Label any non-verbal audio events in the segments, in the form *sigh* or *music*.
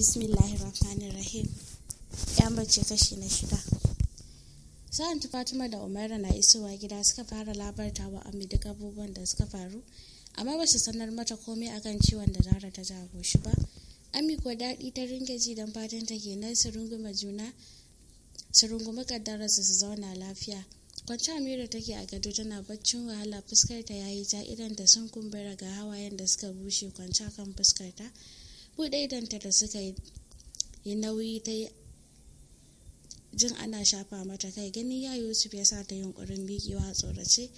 bismillahi rahim ya mace kashi na shida sa'an fatima da umaira na isowa gida suka fara labarta wa ami duk abubuwan da suka faru amma ba su sanar mata komai akan ciwon da zara ta jago shi ba ami kuwa daɗi ta ringa ji don fatan ta nan su runguma juna su su zauna lafiya kwanci amira take a gado tana baccin wahala fuskar ta yayi ja idan da sun kumbura ga hawayen da suka bushe kwanci kan fuskar ta buɗe da suka yi nauyi ta yi jin ana shafa mata kai ganin ya yusuf ya sa ta yunkurin miƙewa a tsorace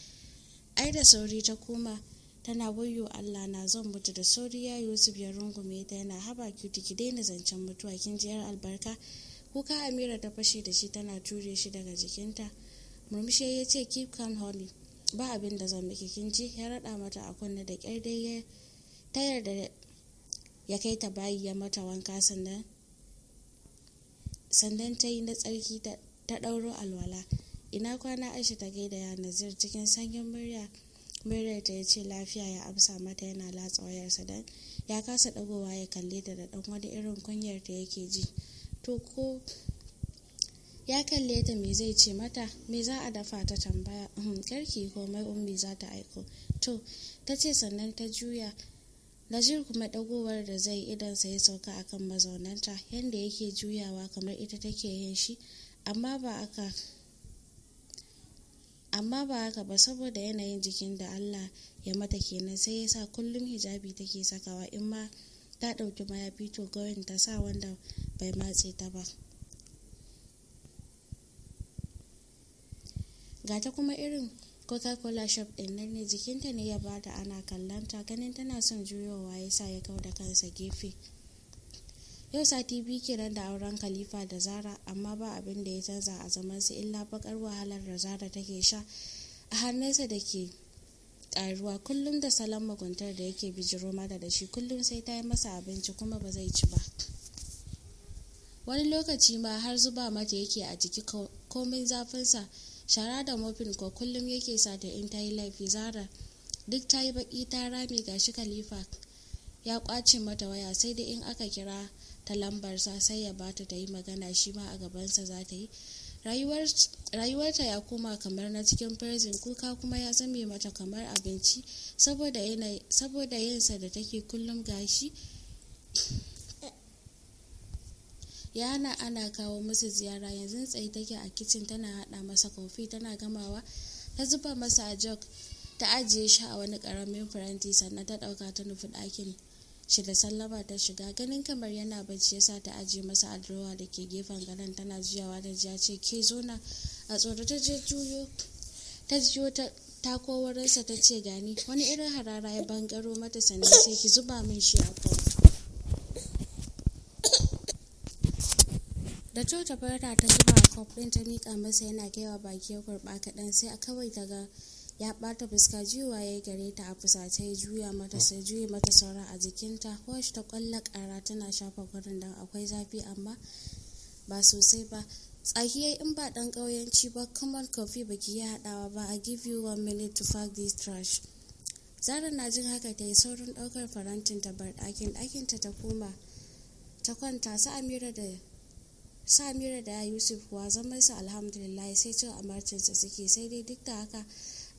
ai da sauri ta koma tana wayo allah na zan mutu da sauri ya yusuf ya rungume ta yana haba kyuti ki daina zancen mutuwa kin jiyar albarka kuka amira ta fashe da shi tana ture shi daga jikinta murmushi ya ce keep calm holly ba abin da zan miki kin ji ya rada mata a kunne da kyar dai tayar da ya kai ta bayi ya mata wanka sannan sannan ta yi na tsarki ta ɗauro alwala ina kwana aisha ta gaida ya nazir cikin sanyin murya murya ta ya ce lafiya ya amsa mata yana latsa wayarsa dan ya kasa ɗagowa ya kalle ta da ɗan wani irin kunyar ta yake ji to ko ya kalle ta me zai ce mata me za a dafa ta tambaya uhm, karki komai ummi za ta aiko to ta ce sannan ta juya Najir kuma dagowar da zai idansa ya sauka akan mazaunanta yadda yake juyawa kamar ita take yin shi amma ba aka amma ba haka ba saboda yanayin jikin da Allah ya mata kenan sai ya sa kullum hijabi take sakawa in ma ta ɗauki mayafi to gawin ta sa wanda bai matse ta ba gata kuma irin coca-cola shop din nan ne jikinta ne ya bada ana kallanta ganin tana son juyowa ya sa ya kau da kansa gefe yau sati biyu kenan da auren khalifa da zara amma ba abin da ya canza a zaman illa bakar wahalar da zara take sha a hannunsa da ke ƙaruwa kullum da salon maguntar da yake bijiro mata da shi kullum sai ta yi masa abinci kuma ba zai ci ba wani lokaci ma har zuba mata yake a jiki komin zafinsa shara da mofin ko kullum yake sa da in ta yi laifi zara duk ta yi baki ta rame gashi khalifa ya kwace mata waya sai da in aka kira ta lambarsa sai ya bata ta yi magana shi ma a gabansa za ta yi rayuwarta ya koma kamar na cikin prison kuka kuma ya zame mata kamar abinci saboda yinsa da take kullum gashi ya ana kawo musu ziyara yanzu tsaye take a kicin tana hada masa kofi tana gamawa ta zuba masa a jog ta ajiye shi a wani karamin faranti sannan ta dauka ta nufi ɗakin shi da sallama ta shiga ganin kamar yana bacci yasa ta ajiye masa adrowa da ke gefen garin tana jiyawa da jiya ce ke zona a tsoro ta je juyo ta jiyo ta takowarinsa ta ce gani wani irin harara ya bangaro mata sannan sai ki zuba min shi a kofi da coci farda ta zuba kof ɗin ta mika masa yana kaiwa baki ya kurɓa kaɗan sai a kawai ga ya ɓata fuska jiwa ya gare ta a fusace ya juya mata sai juya mata saura a jikinta shi ta kwalla ƙara tana shafa gurin don akwai zafi amma ba sosai ba tsakiya in ba ɗan ƙauyenci ba kamar kofi baki ya haɗawa ba a give you one minute to fuck this trash zara na jin haka ta yi saurin ɗaukar farantin ta bar ɗakin ɗakinta ta koma ta kwanta sa amira da samira da yusuf kuwa su alhamdulillah sai cin amarcinsa suke sai dai duk da haka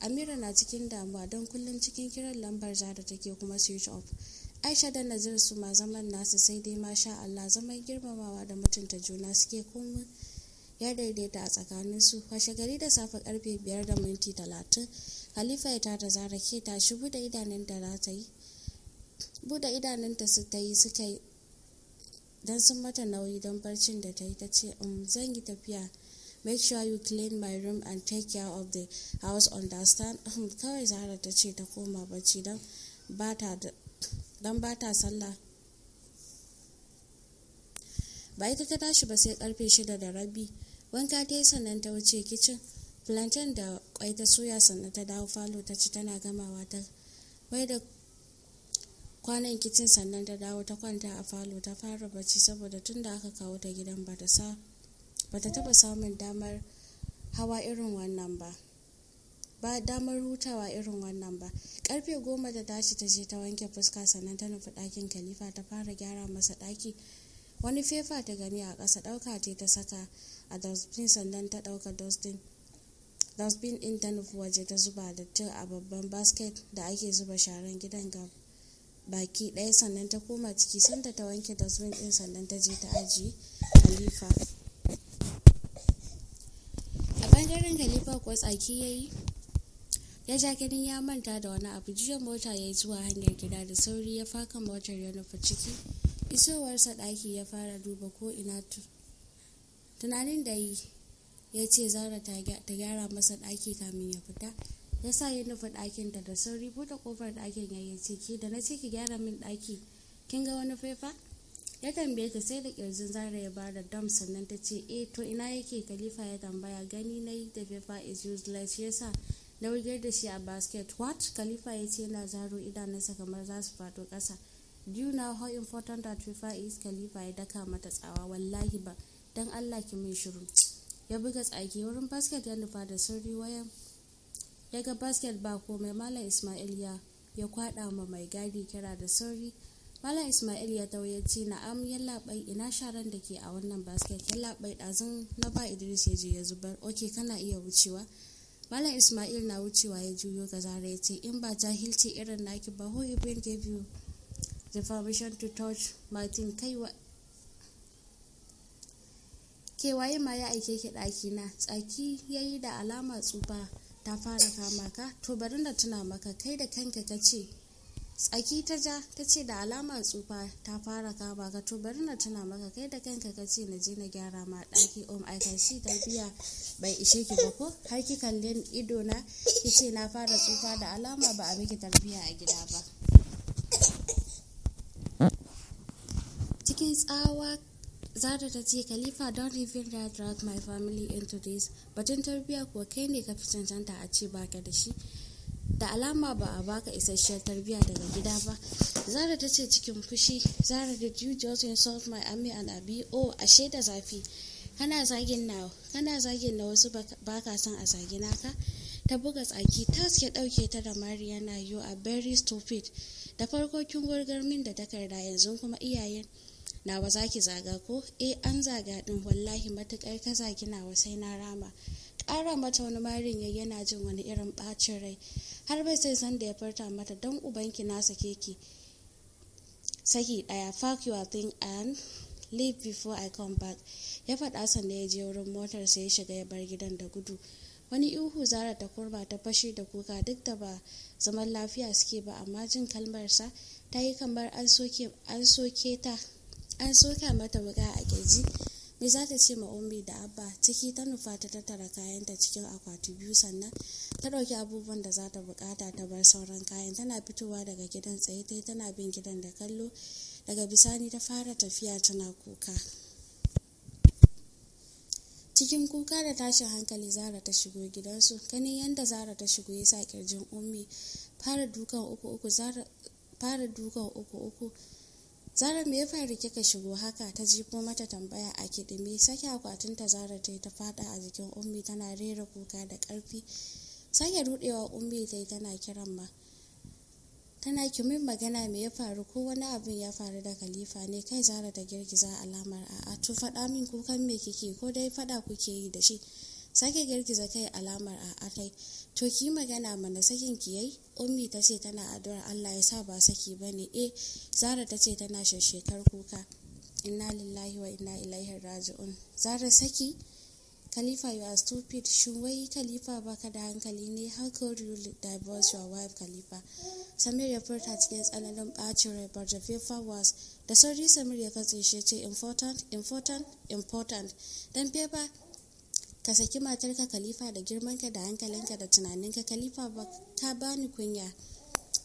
amira na cikin damuwa don kullum cikin kiran lambar zara take kuma switch off aisha da nazir su ma zaman nasu sai dai masha allah zaman girmamawa da mutunta juna suke kuma ya daidaita a tsakanin su washe gari da safe karfe biyar da minti talatin halifa ya tada zara ke tashi bude idanun da za ta yi bude idanunta su ta yi suka yi don sun mata nauyi don barcin da ta yi ta ce um, zan yi tafiya make sure you clean my room and take care of the house understand *laughs* um, kawai zara ta ce ta koma bacci don ba ta sallah ba ita ta tashi ba sai karfe shida da rabi wanka ta yi sannan ta wuce kicin plantain da kwai ta soya sannan ta dawo falo ta ci tana gamawa ta wai da kwanan kicin sannan ta dawo ta kwanta a falo ta fara bacci saboda tun da aka kawo ta gidan ba ta taba samun damar hawa irin wannan ba ba damar hutawa irin wannan ba karfe goma da tashi ta je ta wanke fuska sannan ta nufi ɗakin kalifa ta fara gyara masa ɗaki wani fefa ta gani a ƙasa ɗauka ce ta saka a dustbin sannan ta ɗauka dustbin dustbin ɗin ta nufi waje ta zuba dattin a babban basket da ake zuba sharan gidan gaba baki ɗaya sannan ta koma ciki sanda ta wanke dustbin ɗin sannan ta je ta ajiye halifa a ɓangaren halifa kuwa tsaki ya yi ya ja ganin ya manta da wani abu jiya mota ya yi zuwa hanyar gida da sauri ya faka motar ya nufa ciki isowarsa ɗaki ya fara duba ko ina tunanin da yi ya ce zara ta gyara masa ɗaki kamin ya fita ya sa ya nufa ɗakin da da sauri bude kofar ɗakin ya yi ciki da na ce ki gyara min ɗaki kin ga wani faifa ya tambaye ta sai da ƙirjin zara ya bada dam sannan ta ce eh to ina yake kalifa ya tambaya gani na yi da faifa is useless ya sa na da shi a basket what kalifa ya ce yana zaro idanunsa kamar za su fato ƙasa do you know how important that faifa is khalifa ya daka mata tsawa wallahi ba dan allah ki min shiru ya buga tsaki wurin basket ya nufa da sauri wayan ya ga basket ba komai malam ismail ya ya kwada ma mai gadi kira da sauri malam ismail ya tauyaci na am ya labai ina sharan da ke a wannan basket ya labai dazun na ba idris ya je ya zubar ok kana iya wucewa malam ismail na wucewa ya juyo ga zare ya ce in ba jahilci irin naki ba who even gave you the permission to touch martin kaiwa kewaye ma ya aike ki daki na tsaki yayi da alama tsufa ta fara kama ka to bari na tuna maka kai da kanka ka ce tsaki ta ja ta ce da alamar tsufa ta fara kama ka to bari na tuna maka kai da kanka ka ce na je na gyara ma ɗaki om um, i can biya bai ishe ki ba ko har ki kalli ido na ki ce na fara tsufa da alama ba a miki tarbiya a gida ba cikin tsawa Zara ta ce, Khalifa don even dare drag my family into this. Batun tarbiyya kuwa kai ne ka fi cancanta a ce baka da shi. Da alama ba a baka isasshiyar tarbiyya daga gida ba. Zara ta ce cikin fushi, Zara did you just insult my army and abi? Oh, ashe da zafi. Kana zagin na, wasu baka son a zagi naka? Ta buga tsaki, ta ya ɗauke ta da Mariana, you a very stupid. Da farko kin gurgar da takarda yanzu kuma iyayen. nawa zaki zaga ko eh an zaga din wallahi matukar ka zagi nawa sai na rama ƙara mata wani marin ya yana jin wani irin ɓacin rai har bai sai san da ya farta mata don ubanki na sake ki saki ɗaya fuck your thing and leave before i come back ya faɗa sanda ya je wurin motar sai ya shiga ya bar gidan da gudu wani ihu zara ta kurba ta fashe da kuka duk da ba zaman lafiya suke ba amma jin kalmarsa ta yi kamar an soke ta an soka mata wuka a kirji me za ta ce ma ummi da abba ciki ta nufa ta tattara kayanta cikin akwati biyu sannan ta ɗauki abubuwan da za ta bukata ta bar sauran kayan tana fitowa daga gidan tsaye ta tana bin gidan da kallo daga bisani ta fara tafiya tana kuka cikin kuka da tashin hankali zara ta shigo gidansu ganin yadda zara ta shigo ya sa kirjin ummi fara dukan uku uku zara fara dukan uku uku zarar me ya faru kika shigo haka ta jifo mata tambaya a kiɗimi sake akwatin ta zara ta ta fada a jikin ummi tana rera kuka da ƙarfi sake rudewa ummi ta tana kiran ma tana kimin magana me ya faru ko wani abin ya faru da khalifa ne kai zara ta girgiza alamar a'a to faɗa min kukan me kike ko dai faɗa kuke yi da shi sake girgiza kai alamar a akai to ki magana mana sakin ki yayi ummi ta ce tana addu'ar Allah ya sa ba saki bane eh zara ta ce tana shashekar kuka inna lillahi wa inna ilaihi raji'un zara saki Khalifa you are stupid shin wai Khalifa baka da hankali ne how could you divorce your wife Khalifa Samir ya furta cikin tsananin bacin rai but the paper was da sauri Samir ya katse shi ce important important important dan paper ka saki matarka kalifa da girmanka da hankalinka da tunaninka kalifa ba ka bani kunya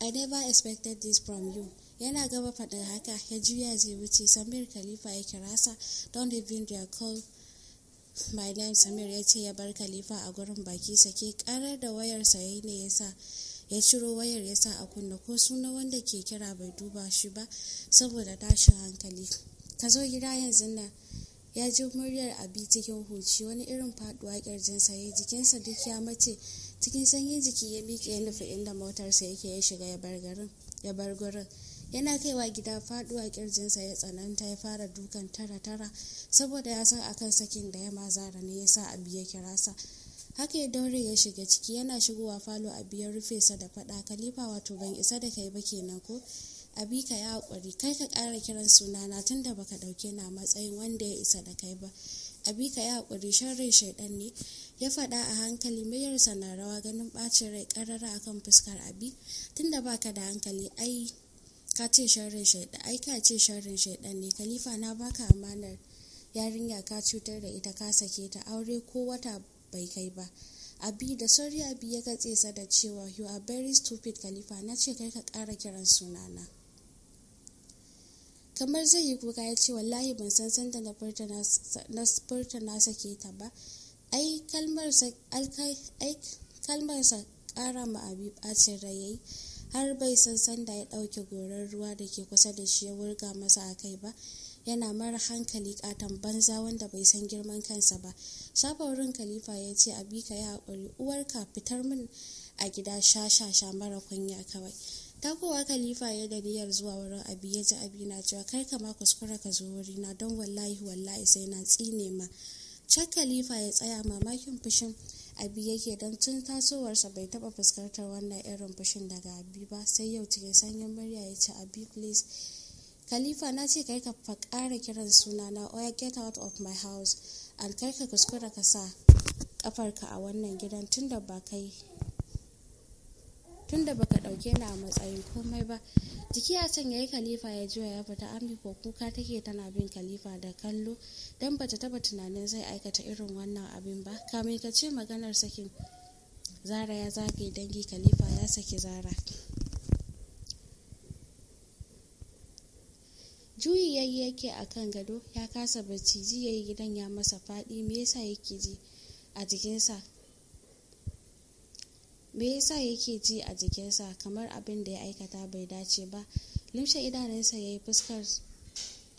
i never expected this from you yana gaba faɗin haka ya juya zai wuce samir kalifa ya kira sa don't even their call my name samir ya ce ya bar kalifa a gurin baki sake karar da wayar sayi ne ya ya ciro wayar yasa a kunna ko suna wanda ke kira bai duba shi ba saboda tashin hankali ka zo gida yanzu nan ya ji muryar abi cikin huci wani irin faduwa kirjinsa ya jikinsa duk ya mace cikin sanyi jiki ya miƙe ya nufi inda motarsa yake ya shiga ya bar gurin yana kaiwa gida faduwa kirjinsa ya tsananta ya fara dukan tara tara saboda ya san akan sakin da ya mazara ne ya sa abi ya kira sa haka ya daure ya shiga ciki yana shigowa falo abi ya rufe sa da fada kalifa wato ban isa da kai ba kenan ko abi ka yi haƙuri kai ka ƙara kiran sunana tun da baka ɗauke na matsayin wanda ya isa da kai ba abi ka yi haƙuri sharrin shaidan ne ya faɗa a hankali mayarsa na rawa ganin ɓacin rai ƙarara akan fuskar abi tun da baka da hankali ai ka ce sharrin shaidan ai ka ce sharrin shaidan ne kalifa na baka amanar yarinya ka cutar da ita ka sake ta aure ko wata bai kai ba abi da sauri abi ya katse sa da cewa you are very stupid khalifa na ce kai ka kara kiran sunana kamar zai yi kuka ya ce wallahi ban san sanda na furta na sake ta ba ai kalmar sa kara ma abi bacin rai yayi har bai san sanda ya dauke goran ruwa da ke kusa da shi ya wurga masa a kai ba yana mara hankali katon banza wanda bai san girman kansa ba shafarin khalifa ya ce abi ka yi haƙuri uwarka fitar min a gida shashasha mara kunya kawai takowa khalifa ya da niyyar zuwa wurin abi ya ji abi na cewa kai ka ma kuskura ka zo na don wallahi wallahi sai na tsine ma cak khalifa ya tsaya mamakin fushin abi yake don tun tasowarsa bai taba fuskantar wannan irin fushin daga abi ba sai yau cikin sanyin murya ya ce abi please khalifa na ce kai ka fa kara kiran suna na oya get out of my house an kai ka kuskura ka sa kafarka a wannan gidan tunda ba kai tunda baka dauke ni a matsayin komai ba jiki a can yayi kalifa ya juya ya fita Amiko ko kuka take tana bin kalifa da kallo dan bata taba tunanin zai aikata irin wannan abin ba kamin ka ce maganar sakin zara ya zage dangi Kalifa ya saki zara juyi yayi yake a kan gado ya kasa bacci ji yayi gidan ya masa faɗi me yasa yake ji a jikinsa me yasa yake ji a jikinsa kamar abin da ya aikata bai dace ba limshe idanunsa ya yi fuskar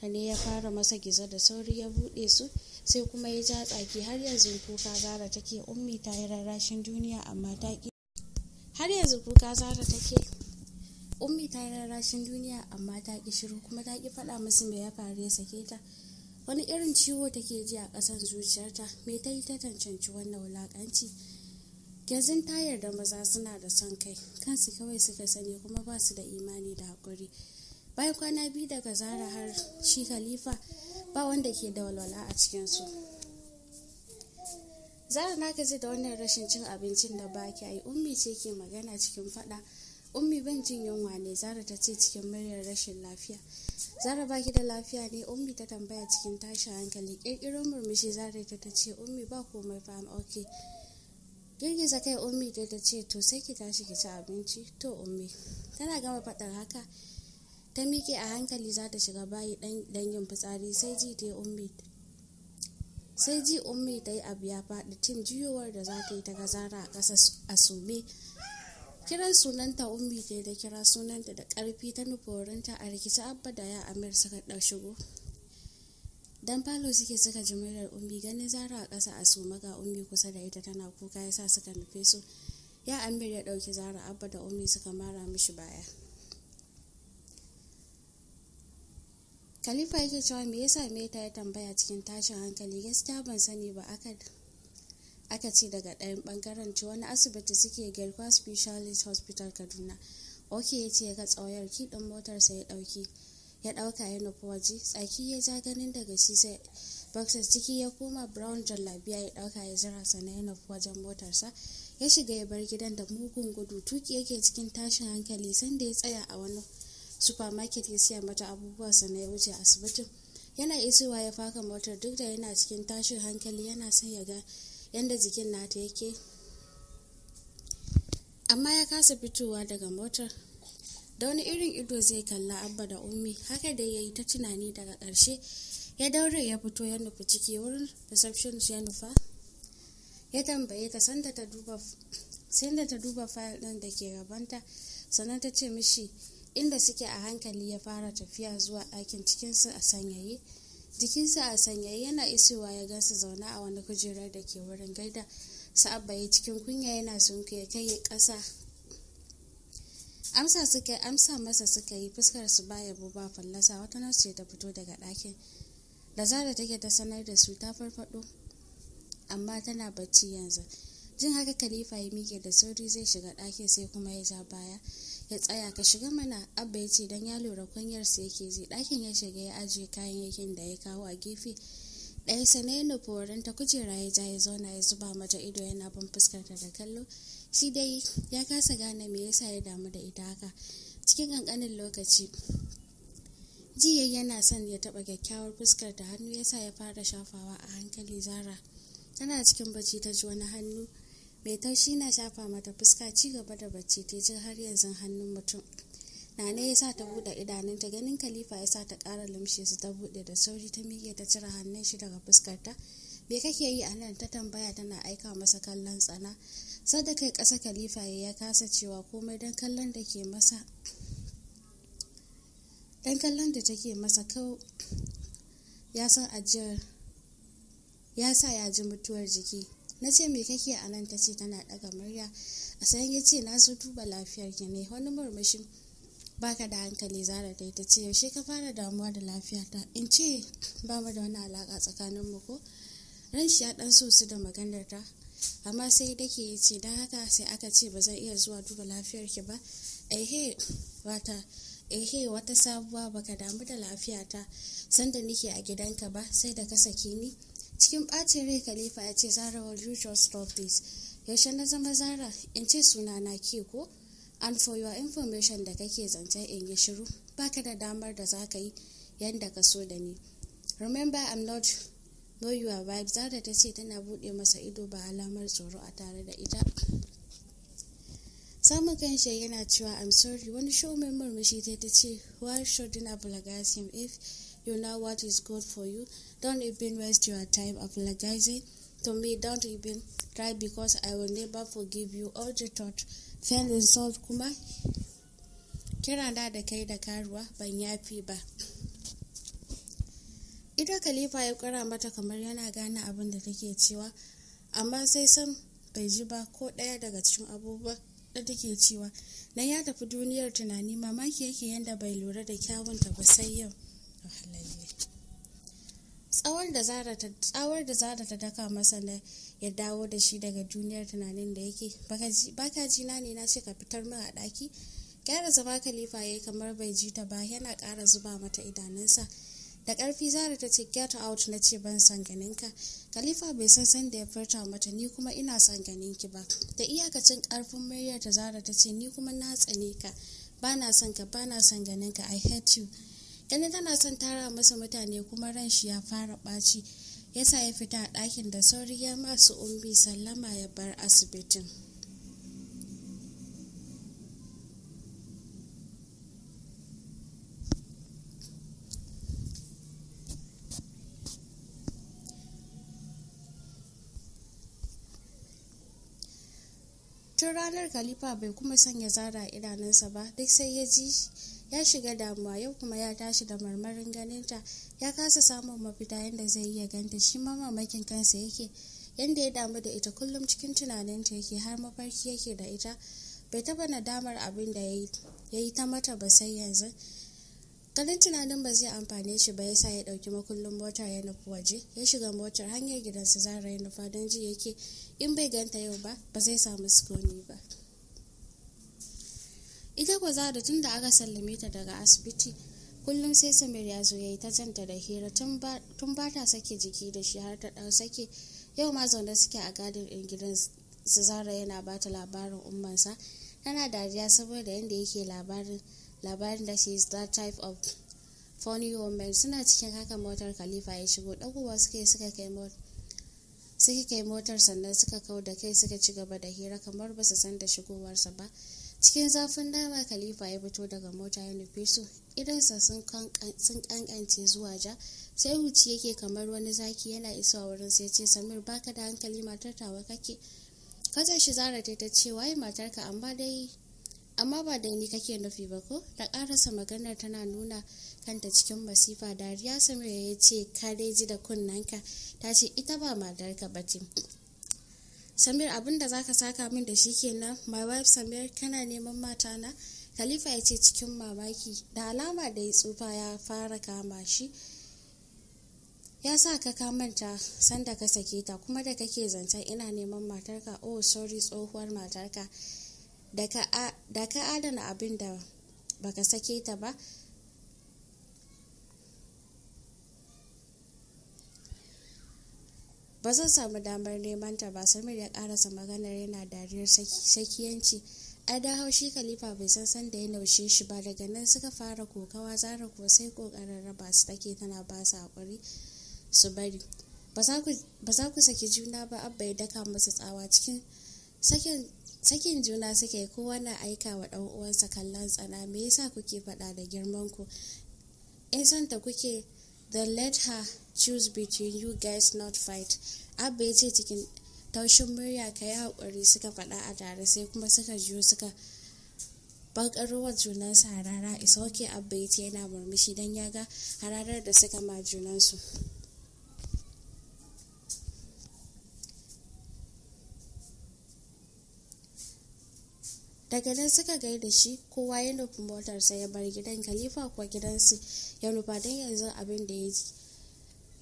ta ne ya fara masa gizo da sauri ya buɗe su sai kuma ya ja tsaki har yanzu kuka zara take ummi ta yi rarrashin duniya amma ta ki har yanzu kuka zara take ummi ta yi rarrashin duniya amma ta ki shiru kuma ta ki faɗa musu me ya faru ya sake ta wani irin ciwo take ji a ƙasan zuciyarta me ta yi ta tancanci wannan wulakanci. yanzu tayar da maza suna da son kai kansu kawai suka sani kuma ba su da imani da hakuri bayan kwana biyu daga zara har shi khalifa ba wanda ke da walwala a cikinsu zara na gaji da wannan rashin cin abincin da ba ki yi ummi ce ke magana cikin fada ummi ban jin yunwa ne zara ta ce cikin muryar rashin lafiya zara ba ki da lafiya ne ummi ta tambaya cikin tashin hankali ƙirƙirar murmushi zara ta ce ummi ba komai fa okay. girgiza kai ummi da ta ce to sai ki tashi ki ci abinci to ummi tana gama faɗar haka ta miƙe a hankali za ta shiga bayi dan yin fitsari sai ji ta ummi sai ji ummi ta yi abu ya faɗi cin juyowar da za ta yi ta gazara a ƙasa a sume kiran sunanta ummi ta da kira sunanta da ƙarfi ta nuforinta a rikici abba da ya amir suka ɗau shigo dan falo suke suka ji muryar umbi ganin zara a ƙasa a su maga umbi kusa da ita tana kuka ya sa suka nufe su ya amir ya ɗauki zara abba da umbi suka mara mishi baya khalifa yake cewa me yasa me ta ya tambaya cikin tashin hankali gaskiya ban sani ba aka ce daga ɗayan ɓangaren ci wani asibiti suke garkuwa specialist hospital kaduna ok ya ce ya ga tsawayar kiɗin motarsa ya ɗauki ya ɗauka ya nufi waje tsaki ya ja ganin daga shi sai boxers ciki ya koma brown jallabiya ya ɗauka ya jira sana ya nufi wajen motarsa ya shiga ya bar gidan da mugun gudu tuki yake cikin tashin hankali sanda ya tsaya a wani supermarket ya siya mata abubuwa sana ya wuce asibitin yana isowa ya faka motar duk da yana cikin tashin hankali yana son ya ga yadda jikin nata yake amma ya kasa fitowa daga motar da wani irin ido zai kalla abba da ummi haka da ya yi ta tunani daga ƙarshe ya daure ya fito ya nufi ciki wurin reception ya nufa ya tambaye ta sanda ta duba ta duba fayil ɗin da ke gabanta sannan ta ce mishi inda suke a hankali ya fara tafiya zuwa ɗakin cikinsu a sanyaye jikinsa a sanyaye yana isowa ya gansu zaune a wani kujerar da ke wurin gaida sa'abba ya cikin kunya yana sunkuya kai ƙasa amsa suka amsa masa suka yi fuskar su ba yabo ba fallasa wata nasu ce ta fito daga ɗakin da zara take ta sanar da su ta farfado amma tana bacci yanzu jin haka khalifa ya mike da sauri zai shiga ɗakin sai kuma ya ja baya ya tsaya ka shiga mana abba ya ce don ya lura kwanyar sa yake zai ɗakin ya shiga ya ajiye kayan yakin da ya kawo a gefe ɗaya sanayin nufi wurin ta kujera ya ja ya zauna ya zuba mata ido yana bin fuskarta da kallo shi dai ya kasa gane me yasa ya damu da ita haka cikin kankanin lokaci jiya yana son ya taba kyakkyawar fuskar da hannu yasa ya fara shafawa a hankali zara tana cikin bacci ta ji wani hannu mai taushi na shafa mata fuska ci gaba da bacci ta ji har yanzu hannun mutum nane ya sa ta bude idanunta ganin khalifa ya sa ta kara lumshe su ta bude da sauri ta miƙe ta cire hannun shi daga fuskarta me kake yi a nan ta tambaya tana aika masa kallon tsana sai kai ƙasa khalifa ya kasa cewa komai don kallon da ke masa dan kallon da take masa kau ya san ajiyar ya sa ya ji mutuwar jiki na ce me kake a nan ta ce tana ɗaga murya a sayan ya ce na su duba lafiyar ki ne wani murmushin baka da hankali zara dai ta ce yaushe ka fara damuwa da lafiyata in ce ba mu da wani alaƙa tsakanin mu ko ran shi ya ɗan so su da maganar ta amma sai dake ya ce don haka sai aka ce ba zan iya zuwa duba lafiyar ki ba ehe wata ehe wata sabuwa baka damu da lafiyata sanda nake a gidanka ba sai da ka saki ni cikin bacin rai khalifa ya ce zara will you just stop this yaushe na zama zara in ce suna na ke ko and for your information da kake zance in yi shiru baka da damar da za ka yi yadda ka so da ni remember i'm not know your vibes zara ta ce tana buɗe masa ido ba alamar tsoro a tare da ita samun shi yana cewa i'm sorry wani showman murmushi ta ta ce why shouldn't apologize him if you know what is good for you don't even waste your time apologizing to me don't even try because i will never forgive you all the thought in salt kuma kira da kai da karuwa ban yafi ba ita kalifa ya kura mata kamar yana gane abin da take cewa amma sai san bai ji ba ko ɗaya daga cikin abubuwa da take cewa nan ya tafi duniyar tunani mamaki yake yadda bai lura da kyawunta ba sai yau tsawar da zara ta daka masa na ya dawo da shi daga duniyar tunanin da yake baka na ne na ce ka fitar min a ɗaki gyara zama kalifa yayi kamar bai ji ta ba yana ƙara zuba mata idanunsa da ƙarfi zara ta ce get out na ce ban san ganin ka khalifa bai san san da ya furta mata ni kuma ina san ki ba da iyakacin ƙarfin maryar ta zara ta ce ni kuma na tsane ka bana son ka bana son ka i hate you ganin tana son tara masa mutane kuma ran shi ya fara ɓaci yasa ya fita a ɗakin da sauri ya masu umbi sallama ya bar asibitin tun ranar khalifa bai kuma sanya zara idanunsa ba duk sai ya ji ya shiga damuwa yau kuma ya tashi da marmarin ganinta ya kasa samun mafita yadda zai iya ganta shi ma mamakin kansa yake yadda ya damu da ita kullum cikin tunaninta yake har mafarki yake da ita bai taba nadamar abin da ya yi ta mata ba sai yanzu ganin tunanin ba zai amfane shi ba yasa ya dauki makullin mota ya nufi waje ya shiga motar hanyar gidansa zara ya nufa don ji yake in bai ganta yau ba ba zai samu sukuni ba ita kwa zara tun da aka sallame ta daga asibiti kullum sai samir ya zo ya yi ta janta da hira tun ba ta sake jiki da shi har ta ɗau sake yau ma zaune suke a gadin ɗin gidan su zara yana ba ta labarin ummansa tana dariya saboda yadda yake labarin labarin da she is that type of funny woman suna cikin haka motar khalifa ya shigo ɗaguwa suke kai motar sannan suka kau da kai suka ci gaba da hira kamar ba su san da shigowarsa ba cikin zafin dama khalifa ya fito daga mota ya nufi su idansa sun kankance zuwa ja sai huci yake kamar wani zaki yana isowa wurin sai ce samir baka da hankali matar tawa kake kaza shi zara ta ce waye matarka amma dai amma ba da ni kake nufi ba ko da karasa maganar tana nuna kanta cikin masifa da dariya samira ya ce ka ji da kunnanka ta ce ita ba madarka ba ce samir abin da zaka saka min da shi kenan my wife samir kana neman mata na khalifa ya ce cikin mamaki da alama da ya tsufa ya fara kama shi ya sa ka kamanta sanda ka sake ta kuma da kake zancen ina neman matarka oh sorry tsohuwar matarka da ka adana abin da baka sake ta ba ba zan samu damar neman ta ba samir ya karasa maganar yana dariyar sakiyanci a da haushi kalifa bai san san da ya naushe shi ba daga nan suka fara kokawa zara kuwa sai kokarin raba su take tana ba su hakuri su bari ba za ku saki juna ba abba ya daka masa tsawa cikin sakin juna suke kowa na aika wa ɗan uwansa kallon tsana me yasa kuke faɗa da girman ku in santa kuke the let her choose between you guys not fight abba ya ce cikin taushin murya ka yi haƙuri suka faɗa a tare sai kuma suka juyo suka bankarowa junansu harara isa okay abba ya ce yana murmushi don ya ga hararar da suka ma junansu daga nan suka gaida shi kowa ya nufi motarsa ya bar gidan khalifa kuwa gidansu ya nufa don yanzu abin da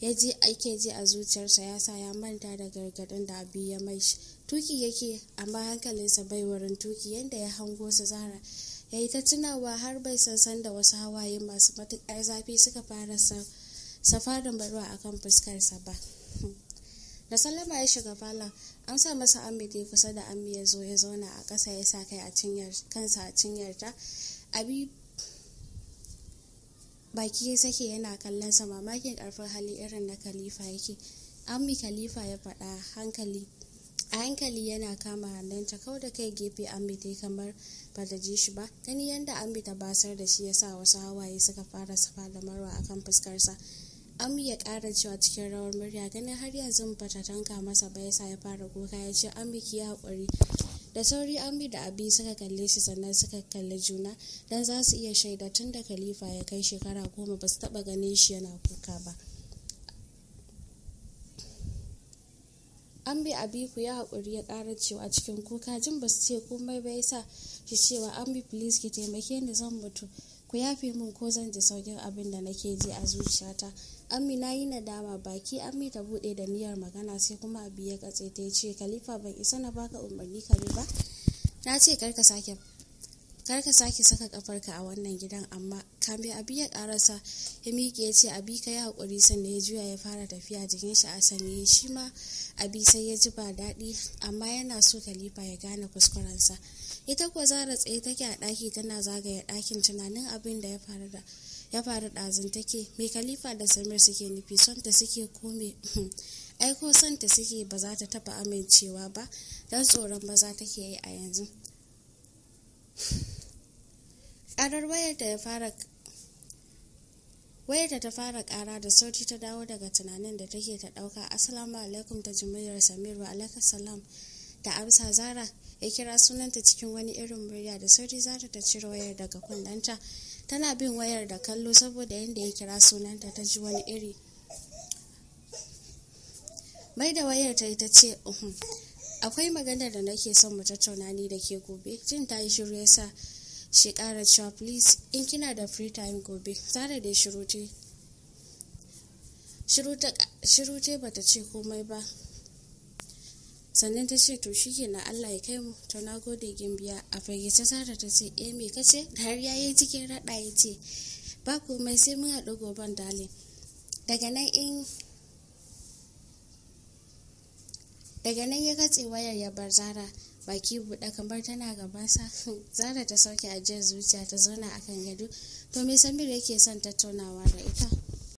ya ji ake ji a zuciyarsa ya sa ya manta da gargadin da abu ya mai shi tuki yake amma hankalinsa bai wurin tuki yadda ya hango su zara ya yi ta tunawa har bai san san da wasu hawaye masu matuƙar zafi suka fara safarin barwa akan fuskarsa ba hmm. da sallama ya shiga falon an sa masa ambiti kusa da ambi ya zo ya zauna a ƙasa ya sa kai a cinyar kansa a cinyar ta abi baki ya sake yana kallon sa mamakin karfin hali irin na khalifa yake ambi khalifa ya faɗa hankali a hankali yana kama hannunta kau da kai gefe ambi kamar ba da ji shi ba gani yadda ambi ta basar da shi ya sa wasu hawaye suka fara safa da marwa akan fuskarsa an ya kara cewa cikin rawar murya ganin har yanzu bata tanka masa ba yasa ya fara kuka ya ce an biki hakuri da sauri ambi da abi suka kalle shi sannan suka kalli juna dan za su iya shaida tun da khalifa ya kai shekara goma ba su taba ganin shi yana kuka ba ambi abi ku ya haƙuri ya kara cewa cikin kuka jin ba su ce komai ba yasa shi cewa ambi please ki taimake ni zan mutu ku yafe min ko zan ji saukin abin da nake ji a zuciyata amina na yi nadama baki ami ta bude da niyyar magana sai kuma abu ya katse ta ce khalifa ban isa na baka umarni ka ba na ce karka sake sake saka kafarka a wannan gidan amma kame abi ya karasa ya miƙe ya ce abi ka yi haƙuri sannan ya juya ya fara tafiya jikin shi a sanye shi ma abi sai ya ji ba daɗi amma yana so kalifa ya gane kuskurensa ita kuwa zara tsaye take a ɗaki tana zagaya ɗakin tunanin abin da ya faru da ya faru ɗazun take mai kalifa da samir suke nufi son ta suke kome *laughs* aiko son ta suke ba za ta taɓa amincewa ba don tsoron ta ke yi a yanzu ƙarar wayar ya ta fara kara da sauti ta dawo daga tunanin da take ta dauka assalamu alaikum ta jimillar samir wa alaikum da amsa zara ya kira sunanta cikin wani irin murya da sauti zata ta cire wayar daga kundanta tana bin wayar da kallo saboda yadda ya kira sunanta ta ji wani iri mai da wayar ta yi ta ce uhun akwai maganar da nake son mu tattauna ni da ke gobe jin ta yi shiru yasa shi kara cewa please in kina da free time gobe tare da shiru te shiru bata ce komai ba sannan ta ce to shi na allah ya kai mu to na gode gimbiya a firgice zara ta ce eh me da har ya yi cikin raɗa ya ce ba komai sai mun haɗu goban dalin daga nan ya katse wayar ya bar zara baki buɗe kamar tana gabansa *laughs* zara ta sauke ajiyar zuciya ta zauna akan gado to me samir yake son tattaunawa da ita